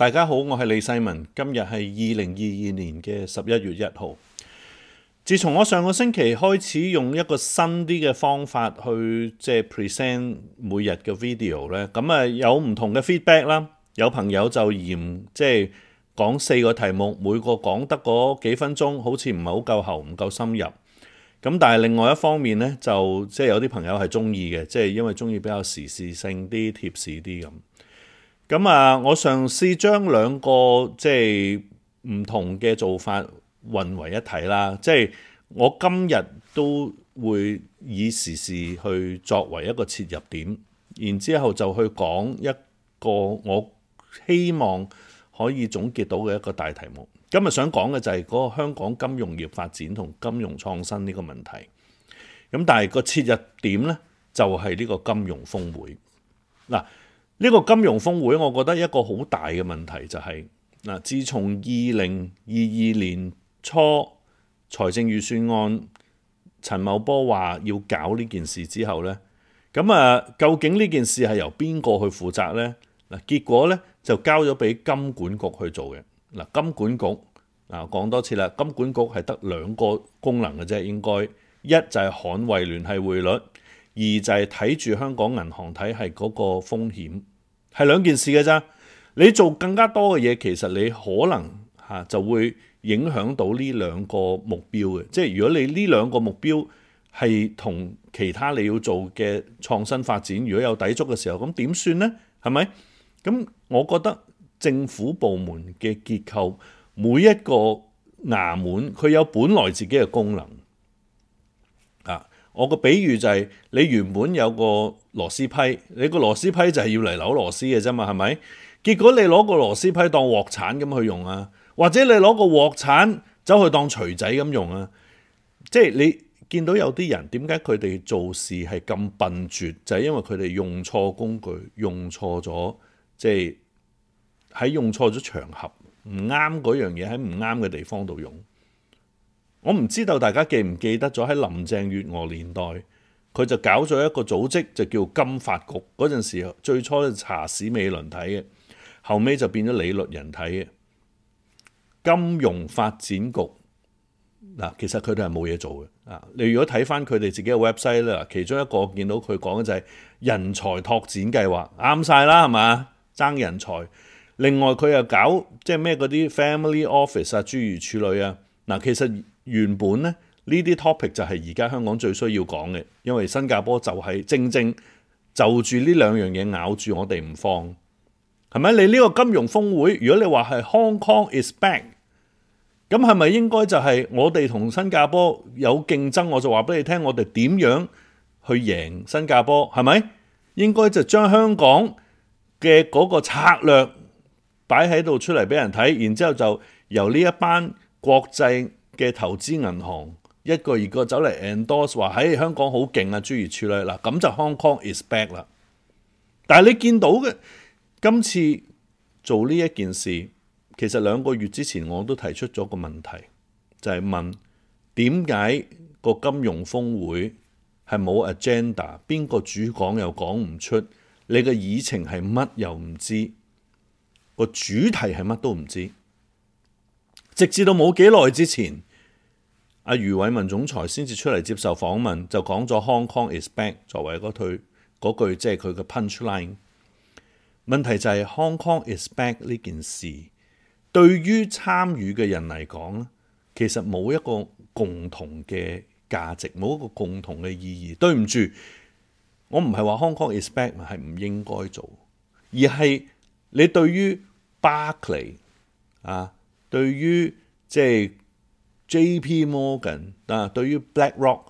大家好，我係李世民。今日係二零二二年嘅十一月一號。自從我上個星期開始用一個新啲嘅方法去即係 present 每日嘅 video 咧，咁啊有唔同嘅 feedback 啦。有朋友就嫌即係講四個題目，每個講得嗰幾分鐘好似唔係好夠喉，唔夠深入。咁但係另外一方面咧，就即係有啲朋友係中意嘅，即係因為中意比較時事性啲、貼士啲咁。咁啊，我嘗試將兩個即係唔同嘅做法混為一體啦。即係我今日都會以時事去作為一個切入點，然之後就去講一個我希望可以總結到嘅一個大題目。今日想講嘅就係嗰個香港金融業發展同金融創新呢個問題。咁但係個切入點呢，就係呢個金融峰會嗱。呢個金融峰會，我覺得一個好大嘅問題就係，嗱，自從二零二二年初財政預算案陳茂波話要搞呢件事之後呢，咁啊究竟呢件事係由邊個去負責呢？嗱，結果呢，就交咗俾金管局去做嘅。嗱，金管局嗱講多次啦，金管局係得兩個功能嘅啫，應該一就係捍衞聯繫匯率，二就係睇住香港銀行體系嗰個風險。係兩件事嘅咋？你做更加多嘅嘢，其實你可能就會影響到呢兩個目標嘅。即係如果你呢兩個目標係同其他你要做嘅創新發展，如果有抵觸嘅時候，咁點算呢？係咪？咁我覺得政府部門嘅結構，每一個衙門，佢有本來自己嘅功能。我個比喻就係你原本有個螺絲批，你個螺絲批就係要嚟扭螺絲嘅啫嘛，係咪？結果你攞個螺絲批當鑊鏟咁去用啊，或者你攞個鑊鏟走去當錘仔咁用啊？即係你見到有啲人點解佢哋做事係咁笨拙，就係因為佢哋用錯工具，用錯咗，即係喺用錯咗場合，唔啱嗰樣嘢喺唔啱嘅地方度用。我唔知道大家記唔記得咗喺林鄭月娥年代，佢就搞咗一個組織，就叫金發局。嗰陣時最初係查史美倫睇嘅，後尾就變咗李律仁睇嘅金融發展局嗱。其實佢哋係冇嘢做嘅啊。你如果睇翻佢哋自己嘅 website 啦，其中一個見到佢講嘅就係人才拓展計劃，啱晒啦，係嘛，爭人才。另外佢又搞即係咩嗰啲 family office 啊，諸如此類啊嗱，其實原本咧呢啲 topic 就係而家香港最需要講嘅，因為新加坡就係正正就住呢兩樣嘢咬住我哋唔放，係咪？你呢個金融峰會，如果你話係 Hong Kong is back，咁係咪應該就係我哋同新加坡有競爭，我就話俾你聽，我哋點樣去贏新加坡？係咪應該就將香港嘅嗰個策略擺喺度出嚟俾人睇，然之後就由呢一班國際。嘅投資銀行一個二個走嚟 endorse 話喺、哎、香港好勁啊，諸如此類啦，咁就 Hong Kong is back 啦。但係你見到嘅今次做呢一件事，其實兩個月之前我都提出咗個問題，就係、是、問點解個金融峰會係冇 agenda，邊個主講又講唔出，你嘅議程係乜又唔知，個主題係乜都唔知，直至到冇幾耐之前。阿余偉文總裁先至出嚟接受訪問，就講咗 Hong Kong is back 作為嗰句嗰句，即係佢嘅 punchline。問題就係、是、Hong Kong is back 呢件事，對於參與嘅人嚟講咧，其實冇一個共同嘅價值，冇一個共同嘅意義。對唔住，我唔係話 Hong Kong is back 係唔應該做，而係你對於巴黎啊，對於即係。J.P. Morgan 嗱，對於 BlackRock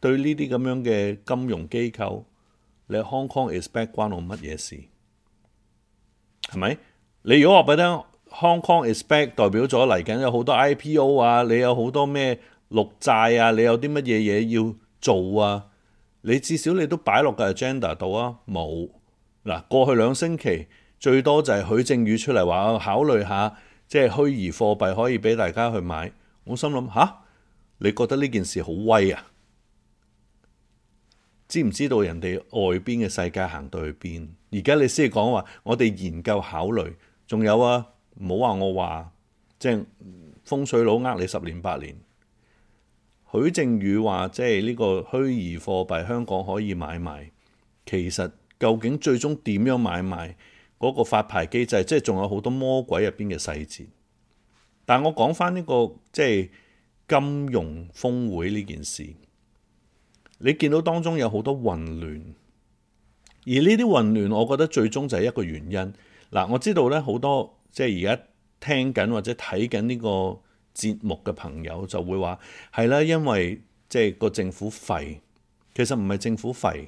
對於呢啲咁樣嘅金融機構，你 Hong Kong is back 關我乜嘢事？係咪？你如果話俾聽，Hong Kong is back 代表咗嚟緊有好多 IPO 啊，你有好多咩綠債啊，你有啲乜嘢嘢要做啊？你至少你都擺落個 agenda 度啊？冇嗱，過去兩星期最多就係許正宇出嚟話我考慮下，即係虛擬貨幣可以俾大家去買。我心諗嚇，你覺得呢件事好威啊？知唔知道人哋外邊嘅世界行到去邊？而家你先講話，我哋研究考慮，仲有啊，唔好話我話，即係風水佬呃你十年八年。許正宇話即係呢個虛擬貨幣香港可以買賣，其實究竟最終點樣買賣？嗰個發牌機制，即係仲有好多魔鬼入邊嘅細節。但我講翻呢個即係、就是、金融峯會呢件事，你見到當中有好多混亂，而呢啲混亂，我覺得最終就係一個原因嗱。我知道咧，好多即係而家聽緊或者睇緊呢個節目嘅朋友就會話係啦，因為即係個政府廢，其實唔係政府廢，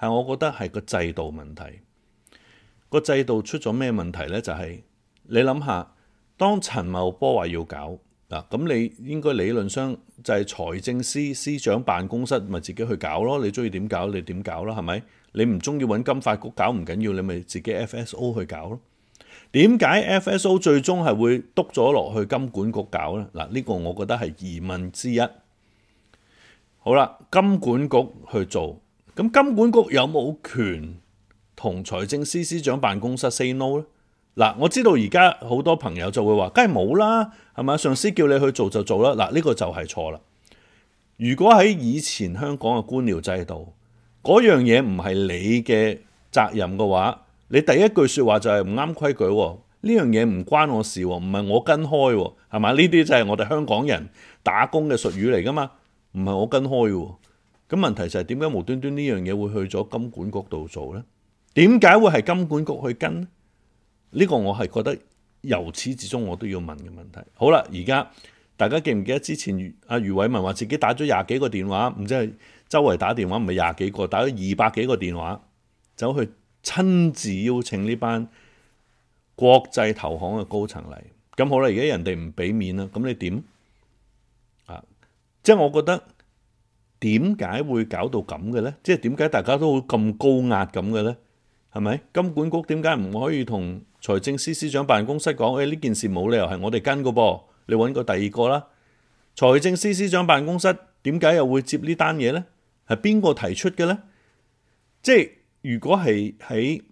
係我覺得係個制度問題。個制度出咗咩問題呢？就係、是、你諗下。當陳茂波話要搞嗱，咁你應該理論上就係財政司司長辦公室咪自己去搞咯，你中意點搞你點搞啦，係咪？你唔中意揾金發局搞唔緊要，你咪自己 FSO 去搞咯。點解 FSO 最終係會篤咗落去金管局搞呢？嗱，呢個我覺得係疑問之一。好啦，金管局去做，咁金管局有冇權同財政司司長辦公室 say no 呢？嗱，我知道而家好多朋友就會話：梗係冇啦，係嘛？上司叫你去做就做啦。嗱，呢個就係錯啦。如果喺以前香港嘅官僚制度，嗰樣嘢唔係你嘅責任嘅話，你第一句說話就係唔啱規矩喎。呢樣嘢唔關我事喎，唔係我跟開喎，係嘛？呢啲就係我哋香港人打工嘅術語嚟㗎嘛，唔係我跟開喎。咁問題就係點解無端端呢樣嘢會去咗金管局度做呢？點解會係金管局去跟？呢、這個我係覺得由始至終我都要問嘅問題。好啦，而家大家記唔記得之前阿余偉文話自己打咗廿幾個電話，唔知係周圍打電話，唔係廿幾個，打咗二百幾個電話，走去親自邀請呢班國際投行嘅高層嚟。咁好啦，而家人哋唔俾面啦，咁你點？啊，即係我覺得點解會搞到咁嘅呢？即係點解大家都會咁高壓咁嘅呢？係咪金管局點解唔可以同財政司司長辦公室講？誒，呢件事冇理由係我哋跟噶噃，你揾個第二個啦。財政司司長辦公室點解又會接呢單嘢呢？係邊個提出嘅呢？即係如果係喺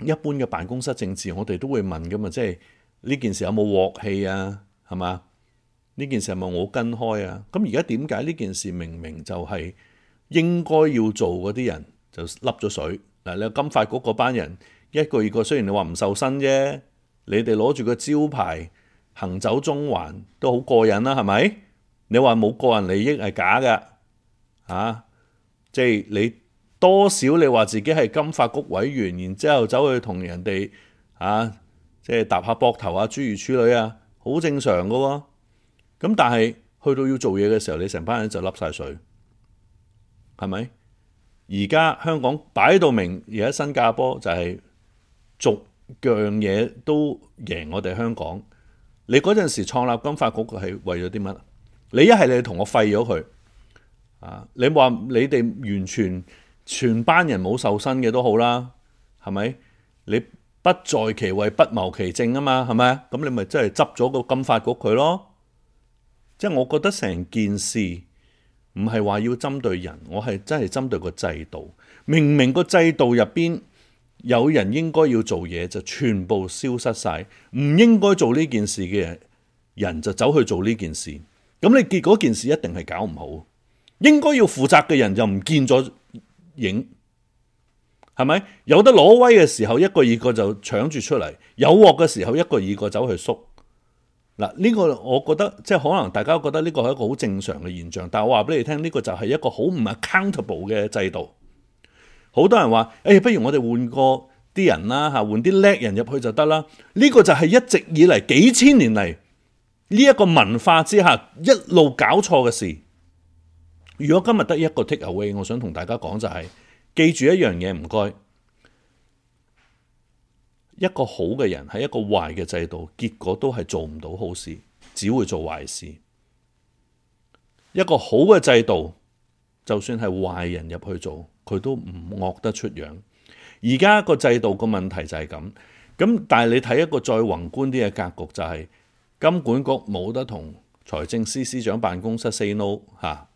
一般嘅辦公室政治，我哋都會問噶嘛。即係呢件事有冇鑊氣啊？係嘛？呢件事係咪我跟開啊？咁而家點解呢件事明明就係應該要做嗰啲人就冧咗水？嗱，你金發局嗰班人一個二個，雖然你話唔受薪啫，你哋攞住個招牌行走中環都好過癮啦，啊，係咪？你話冇個人利益係假嘅，啊，即、就、係、是、你多少你話自己係金發局委員，然之後走去同人哋啊，即係搭下膊頭啊，諸如此類啊，好正常噶喎，啊。咁但係去到要做嘢嘅時候，你成班人就笠晒水，係咪？而家香港擺到明，而家新加坡就係逐樣嘢都贏我哋香港。你嗰陣時創立金發局係為咗啲乜？你一係你同我廢咗佢啊！你話你哋完全全班人冇受薪嘅都好啦，係咪？你不在其位不謀其政啊嘛，係咪？咁你咪真係執咗個金發局佢咯？即係我覺得成件事。唔係話要針對人，我係真係針對個制度。明明個制度入邊有人應該要做嘢，就全部消失晒；唔應該做呢件事嘅人，就走去做呢件事。咁你結果件事一定係搞唔好。應該要負責嘅人就唔見咗影，係咪？有得攞威嘅時候，一個二個就搶住出嚟；有鑊嘅時候，一個二個走去縮。嗱，呢個我覺得即係可能大家覺得呢個係一個好正常嘅現象，但我話俾你聽，呢個就係一個好唔 accountable 嘅制度。好多人話，哎，不如我哋換個啲人啦，嚇，換啲叻人入去就得啦。呢個就係一直以嚟幾千年嚟呢一個文化之下一路搞錯嘅事。如果今日得一個 take away，我想同大家講就係，記住一樣嘢，唔該。一個好嘅人喺一個壞嘅制度，結果都係做唔到好事，只會做壞事。一個好嘅制度，就算係壞人入去做，佢都唔惡得出樣。而家個制度個問題就係咁咁，但係你睇一個再宏觀啲嘅格局就係、是、金管局冇得同財政司司長辦公室 say no 嚇、啊，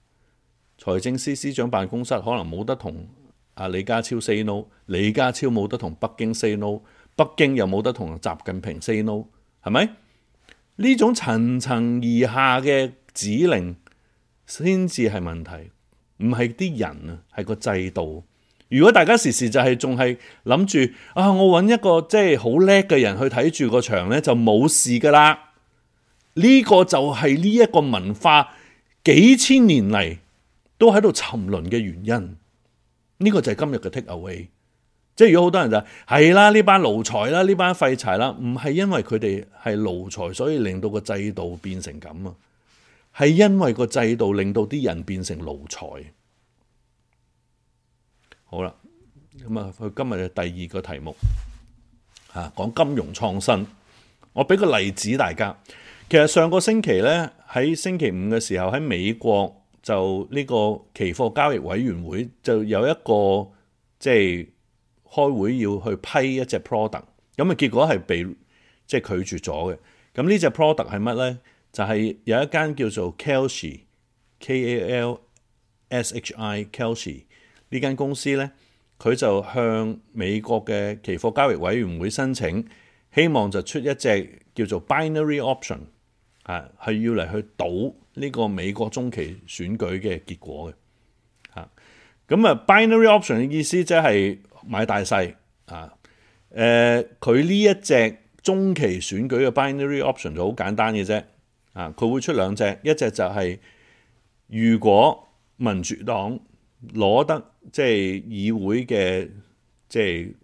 財政司司長辦公室可能冇得同阿李家超 say no，李家超冇得同北京 say no。北京又冇得同習近平 say no，係咪？呢種層層而下嘅指令先至係問題，唔係啲人啊，係個制度。如果大家時時就係仲係諗住啊，我揾一個即係好叻嘅人去睇住個場呢，就冇事噶啦。呢個就係呢一個文化幾千年嚟都喺度沉淪嘅原因。呢個就係今日嘅 take away。即係如果好多人就係啦，呢班奴才啦，呢班廢柴啦，唔係因為佢哋係奴才，所以令到個制度變成咁啊，係因為個制度令到啲人變成奴才。好啦，咁啊，佢今日嘅第二個題目啊，講金融創新。我俾個例子大家，其實上個星期呢，喺星期五嘅時候喺美國就呢個期貨交易委員會就有一個即係，開會要去批一隻 product，咁啊結果係被即係、就是、拒絕咗嘅。咁呢隻 product 係乜呢？就係、是、有一間叫做 Kelsi K A L S H I Kelsi 呢間公司呢，佢就向美國嘅期貨交易委員會申請，希望就出一隻叫做 binary option 係要嚟去賭呢個美國中期選舉嘅結果嘅。嚇咁啊，binary option 嘅意思即、就、係、是。買大細啊！誒、呃，佢呢一隻中期選舉嘅 binary option 就好簡單嘅啫啊！佢會出兩隻，一隻就係、是、如果民主黨攞得即係、就是、議會嘅即係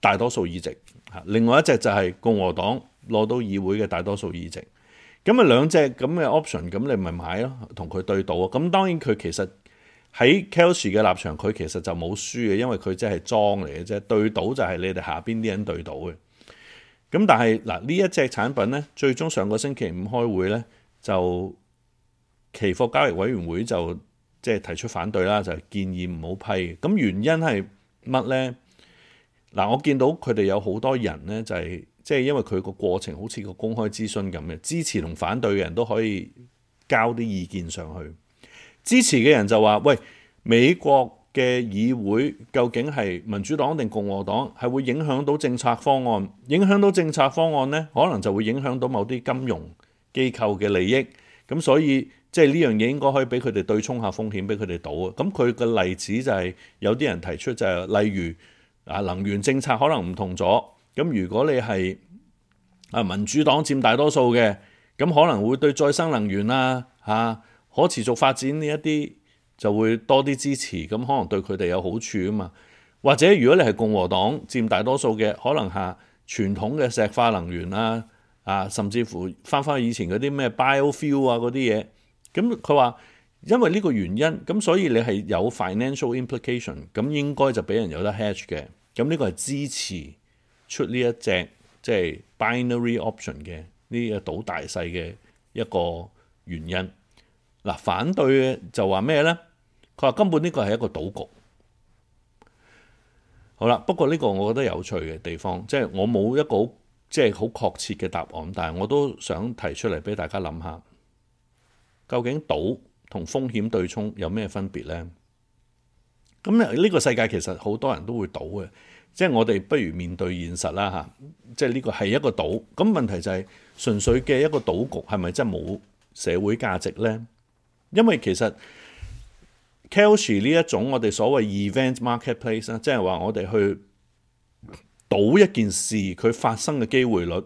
大多數的議席，嚇、啊；另外一隻就係共和黨攞到議會嘅大多數的議席。咁啊，兩隻咁嘅 option，咁你咪買咯，同佢對賭啊！咁當然佢其實喺 Kelsh 嘅立場，佢其實就冇輸嘅，因為佢即係裝嚟嘅啫。對賭就係你哋下邊啲人對賭嘅。咁但係嗱，呢一隻產品咧，最終上個星期五開會咧，就期貨交易委員會就即係、就係、提出反對啦，就係、建議唔好批。咁原因係乜咧？嗱，我見到佢哋有好多人咧，就係即係因為佢個過程好似個公開諮詢咁嘅，支持同反對嘅人都可以交啲意見上去。支持嘅人就話：喂，美國嘅議會究竟係民主黨定共和黨？係會影響到政策方案，影響到政策方案呢，可能就會影響到某啲金融機構嘅利益。咁所以，即係呢樣嘢應該可以俾佢哋對沖下風險，俾佢哋賭啊。咁佢嘅例子就係、是、有啲人提出就係、是，例如啊，能源政策可能唔同咗。咁如果你係民主黨佔大多數嘅，咁可能會對再生能源啊，吓可持續發展呢一啲就會多啲支持，咁可能對佢哋有好處啊嘛。或者如果你係共和黨佔大多數嘅，可能嚇傳統嘅石化能源啊啊，甚至乎返返以前嗰啲咩 biofuel 啊嗰啲嘢，咁佢話因為呢個原因咁，所以你係有 financial implication 咁，應該就俾人有得 hedge 嘅。咁呢個係支持出呢一隻即係 binary option 嘅呢個賭大細嘅一個原因。嗱，反對嘅就話咩呢？佢話根本呢個係一個賭局。好啦，不過呢個我覺得有趣嘅地方，即係我冇一個即係好確切嘅答案，但係我都想提出嚟俾大家諗下，究竟賭同風險對沖有咩分別呢？咁呢個世界其實好多人都會賭嘅，即係我哋不如面對現實啦吓，即係呢個係一個賭，咁問題就係純粹嘅一個賭局係咪真係冇社會價值呢？因為其實 Kalshi 呢一種我哋所謂 event marketplace 即係話我哋去賭一件事佢發生嘅機會率，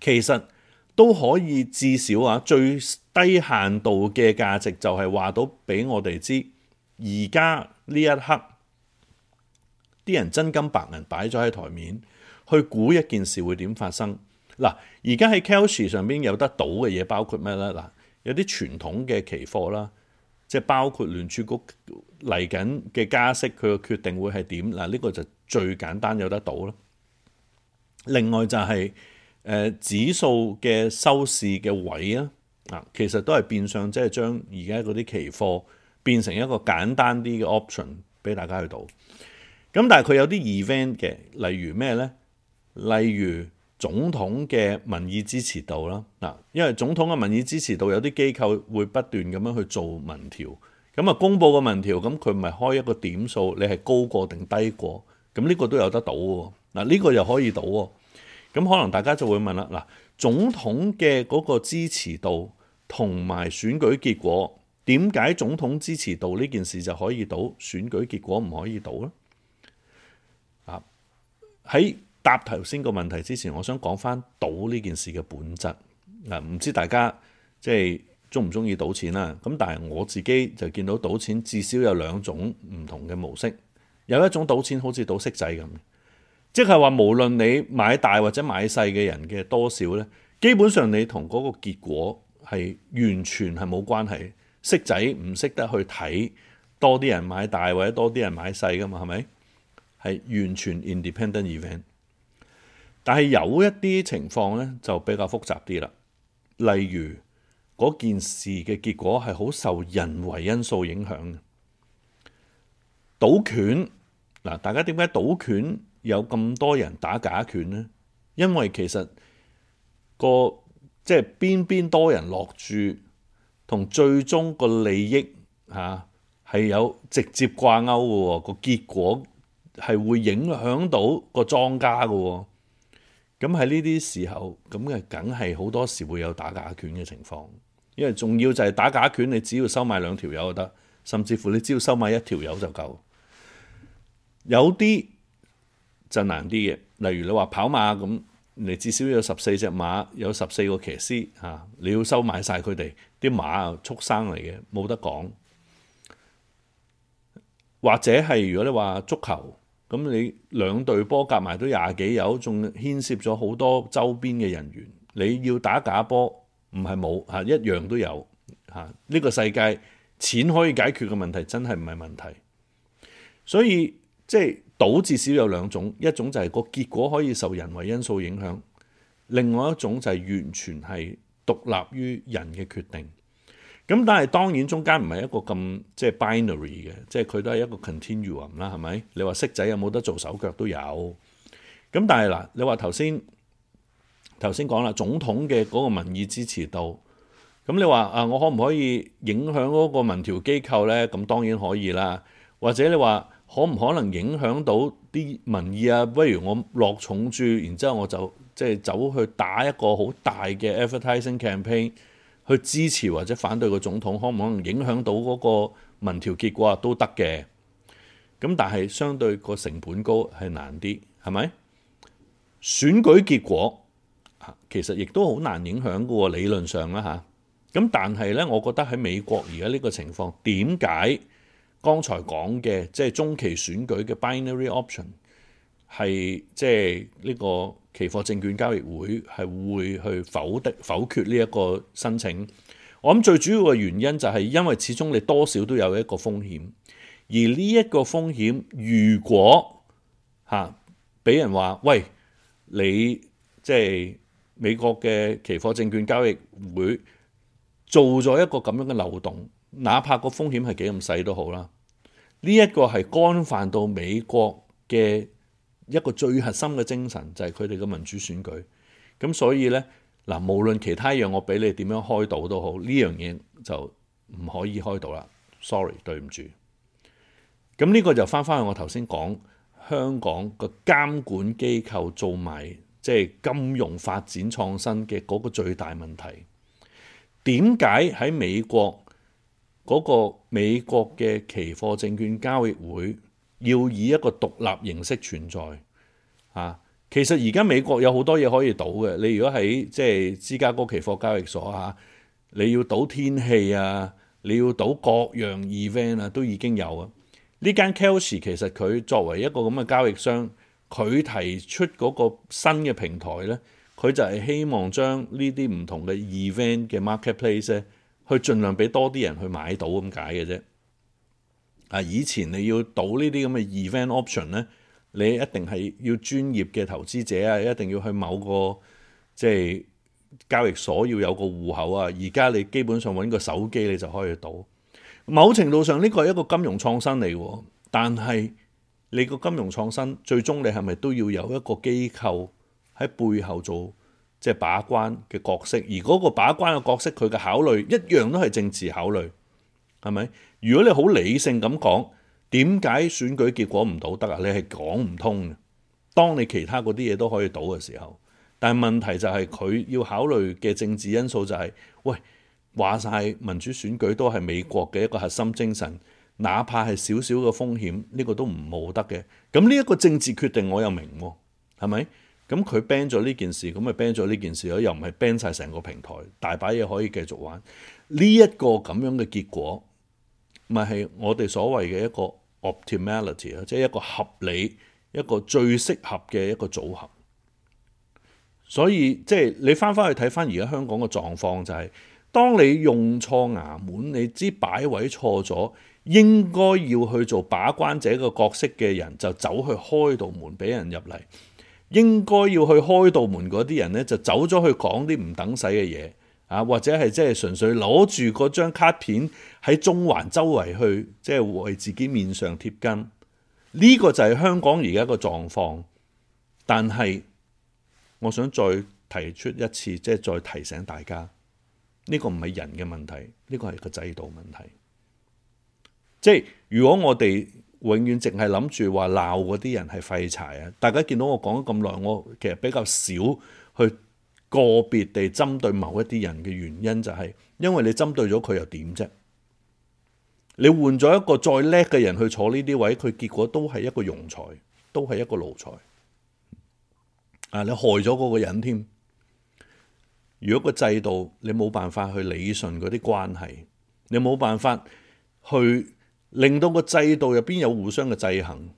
其實都可以至少啊最低限度嘅價值就係話到俾我哋知，而家呢一刻啲人真金白銀擺咗喺台面，去估一件事會點發生。嗱，而家喺 Kalshi 上面有得賭嘅嘢包括咩呢？嗱。有啲傳統嘅期貨啦，即係包括聯儲局嚟緊嘅加息，佢個決定會係點？嗱，呢個就最簡單有得賭啦。另外就係誒指數嘅收市嘅位啊，啊，其實都係變相即係將而家嗰啲期貨變成一個簡單啲嘅 option 俾大家去賭。咁但係佢有啲 event 嘅，例如咩呢？例如總統嘅民意支持度啦，嗱，因為總統嘅民意支持度有啲機構會不斷咁樣去做民調，咁啊公佈個民調，咁佢咪開一個點數，你係高過定低過，咁呢個都有得賭喎，嗱、這、呢個又可以賭喎，咁可能大家就會問啦，嗱總統嘅嗰個支持度同埋選舉結果，點解總統支持度呢件事就可以賭，選舉結果唔可以賭咧？啊喺答頭先個問題之前，我想講返賭呢件事嘅本質。嗱，唔知大家即係中唔中意賭錢啦、啊？咁但係我自己就見到賭錢至少有兩種唔同嘅模式。有一種賭錢好似賭骰仔咁，即係話無論你買大或者買細嘅人嘅多少呢，基本上你同嗰個結果係完全係冇關係。骰仔唔識得去睇多啲人買大或者多啲人買細㗎嘛，係咪？係完全 independent event。但係有一啲情況咧，就比較複雜啲啦。例如嗰件事嘅結果係好受人為因素影響嘅。賭拳，嗱，大家點解賭拳有咁多人打假拳呢？因為其實、個即係、就是、邊邊多人落注，同最終個利益嚇係有直接掛鈎嘅喎。個結果係會影響到個莊家嘅喎。咁喺呢啲時候，咁嘅梗係好多時會有打假拳嘅情況，因為仲要就係打假拳，你只要收買兩條友就得，甚至乎你只要收買一條友就夠。有啲就難啲嘅，例如你話跑馬咁，你至少有十四隻馬，有十四個騎師嚇，你要收買晒佢哋啲馬啊，畜生嚟嘅，冇得講。或者係如果你話足球。咁你兩隊波夾埋都廿幾人，仲牽涉咗好多周邊嘅人員。你要打假波，唔係冇，一樣都有。呢個世界錢可以解決嘅問題真係唔係問題，所以即係、就是、賭至少有兩種，一種就係個結果可以受人為因素影響，另外一種就係完全係獨立於人嘅決定。咁但係當然中間唔係一個咁即係 binary 嘅，即係佢都係一個 continuum 啦，係咪？你話色仔有冇得做手腳，都有。咁但係嗱，你話頭先頭先講啦，總統嘅嗰個民意支持度，咁你話啊，我可唔可以影響嗰個民調機構呢？咁當然可以啦。或者你話可唔可能影響到啲民意啊？不如我落重注，然之後我就即係、就是、走去打一個好大嘅 advertising campaign。去支持或者反對個總統，可唔可能影響到嗰個民調結果都得嘅？咁但係相對個成本高係難啲，係咪？選舉結果其實亦都好難影響嘅喎，理論上啦吓，咁但係呢，我覺得喺美國而家呢個情況，點解剛才講嘅即係中期選舉嘅 binary option？係即係呢個期貨證券交易會係會去否的否決呢一個申請。我諗最主要嘅原因就係因為始終你多少都有一個風險，而呢一個風險如果嚇俾、啊、人話喂，你即係、就是、美國嘅期貨證券交易會做咗一個咁樣嘅漏洞，哪怕個風險係幾咁細都好啦。呢、這、一個係干犯到美國嘅。一個最核心嘅精神就係佢哋嘅民主選舉，咁所以呢，嗱，無論其他樣我俾你點樣開導都好，呢樣嘢就唔可以開導啦。Sorry，對唔住。咁呢個就翻翻去我頭先講香港個監管機構做埋即係金融發展創新嘅嗰個最大問題。點解喺美國嗰個美國嘅期貨證券交易會要以一個獨立形式存在啊！其實而家美國有好多嘢可以賭嘅。你如果喺即係芝加哥期貨交易所吓，你要賭天氣啊，你要賭、啊、各樣 event 啊，都已經有啊。呢間 Kalshi 其實佢作為一個咁嘅交易商，佢提出嗰個新嘅平台呢，佢就係希望將呢啲唔同嘅 event 嘅 marketplace 去盡量俾多啲人去買到咁解嘅啫。啊！以前你要賭呢啲咁嘅 event option 咧，你一定係要專業嘅投資者啊，一定要去某個即係、就是、交易所要有個戶口啊。而家你基本上揾個手機你就可以賭。某程度上呢個係一個金融創新嚟，但係你個金融創新最終你係咪都要有一個機構喺背後做即係、就是、把關嘅角色？而嗰個把關嘅角色佢嘅考慮一樣都係政治考慮。係咪？如果你好理性咁講，點解選舉結果唔到得啊？你係講唔通。當你其他嗰啲嘢都可以賭嘅時候，但係問題就係、是、佢要考慮嘅政治因素就係、是，喂，話晒民主選舉都係美國嘅一個核心精神，哪怕係少少嘅風險，呢、這個都唔冇得嘅。咁呢一個政治決定我、啊，我又明，係咪？咁佢 ban 咗呢件事，咁咪 ban 咗呢件事咯，又唔係 ban 晒成個平台，大把嘢可以繼續玩。呢、這、一個咁樣嘅結果。咪係我哋所謂嘅一個 optimality 啦，即係一個合理、一個最適合嘅一個組合。所以即係、就是、你翻翻去睇翻而家香港嘅狀況，就係當你用錯衙門，你知擺位錯咗，應該要去做把關者個角色嘅人就走去開道門俾人入嚟，應該要去開道門嗰啲人呢，就走咗去講啲唔等使嘅嘢。啊，或者係即係純粹攞住嗰張卡片喺中環周圍去，即、就、係、是、為自己面上貼金。呢、這個就係香港而家個狀況。但係我想再提出一次，即、就、係、是、再提醒大家，呢、這個唔係人嘅問題，呢、這個係個制度問題。即係如果我哋永遠淨係諗住話鬧嗰啲人係廢柴啊，大家見到我講咗咁耐，我其實比較少去。個別地針對某一啲人嘅原因就係，因為你針對咗佢又點啫？你換咗一個再叻嘅人去坐呢啲位，佢結果都係一個庸才，都係一個奴才。啊，你害咗嗰個人添。如果個制度你冇辦法去理順嗰啲關係，你冇辦法去令到個制度入邊有互相嘅制衡，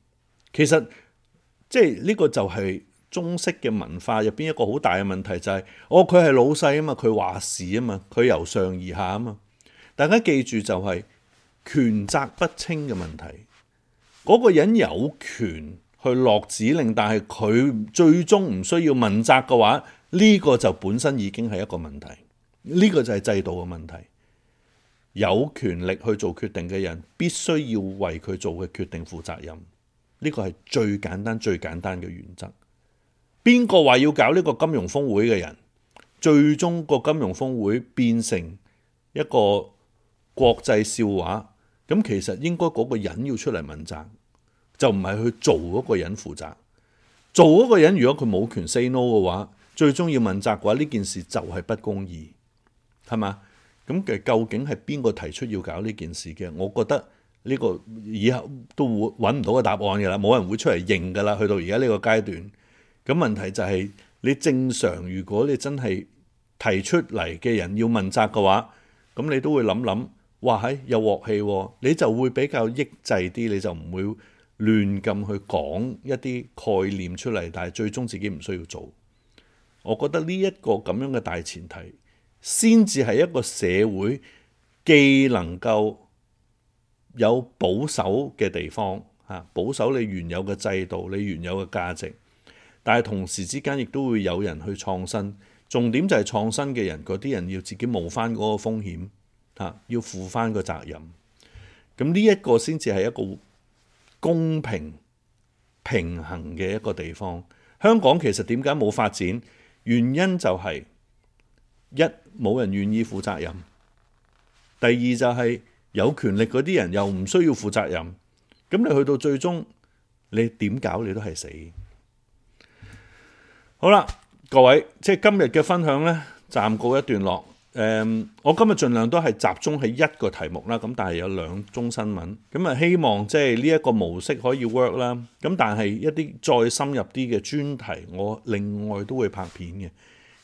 其實即係呢個就係。中式嘅文化入邊一個好大嘅問題就係哦，佢係老細啊嘛，佢話事啊嘛，佢由上而下啊嘛。大家記住就係權責不清嘅問題。嗰個人有權去落指令，但係佢最終唔需要問責嘅話，呢個就本身已經係一個問題，呢個就係制度嘅問題。有權力去做決定嘅人必須要為佢做嘅決定負責任。呢個係最簡單最簡單嘅原則。邊個話要搞呢個金融峰會嘅人，最終個金融峰會變成一個國際笑話，咁其實應該嗰個人要出嚟問責，就唔係去做嗰個人負責。做嗰個人如果佢冇權 say no 嘅話，最終要問責嘅話，呢件事就係不公義，係嘛？咁其實究竟係邊個提出要搞呢件事嘅？我覺得呢個以後都會揾唔到個答案噶啦，冇人會出嚟認噶啦，去到而家呢個階段。咁問題就係、是、你正常，如果你真係提出嚟嘅人要問責嘅話，咁你都會諗諗，哇係有鑊氣喎！」你就會比較抑制啲，你就唔會亂咁去講一啲概念出嚟。但係最終自己唔需要做，我覺得呢一個咁樣嘅大前提，先至係一個社會既能夠有保守嘅地方，保守你原有嘅制度，你原有嘅價值。但係同時之間，亦都會有人去創新。重點就係創新嘅人，嗰啲人要自己冒翻嗰個風險吓，要負翻個責任。咁呢一個先至係一個公平平衡嘅一個地方。香港其實點解冇發展？原因就係，一、冇人願意負責任，第二就係有權力嗰啲人又唔需要負責任。咁你去到最終，你點搞你都係死。好啦，各位，即係今日嘅分享呢，暫告一段落。誒、嗯，我今日盡量都係集中喺一個題目啦，咁但係有兩宗新聞，咁啊希望即係呢一個模式可以 work 啦。咁但係一啲再深入啲嘅專題，我另外都會拍片嘅。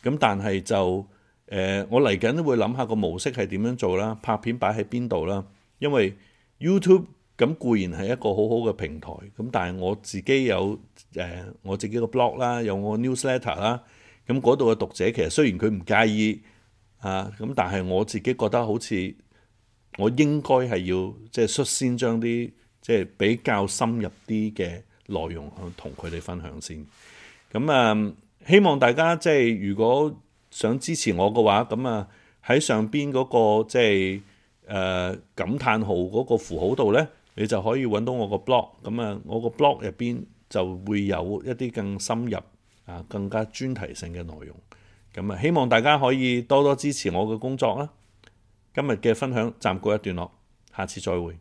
咁但係就誒、嗯，我嚟緊都會諗下個模式係點樣做啦，拍片擺喺邊度啦，因為 YouTube。咁固然係一個好好嘅平台，咁但係我自己有、呃、我自己嘅 blog 啦，有我 newsletter 啦，咁嗰度嘅讀者其實雖然佢唔介意啊，咁但係我自己覺得好似我應該係要即係、即係、率先將啲即係比較深入啲嘅內容去同佢哋分享先。咁啊、嗯，希望大家即係、即係、如果想支持我嘅話，咁啊喺上邊嗰、嗰個即係誒感嘆號嗰個符號度咧，你就可以揾到我個 blog，咁啊，我個 blog 入邊就會有一啲更深入啊、更加專題性嘅內容。咁啊，希望大家可以多多支持我嘅工作啦。今日嘅分享暫告一段落，下次再會。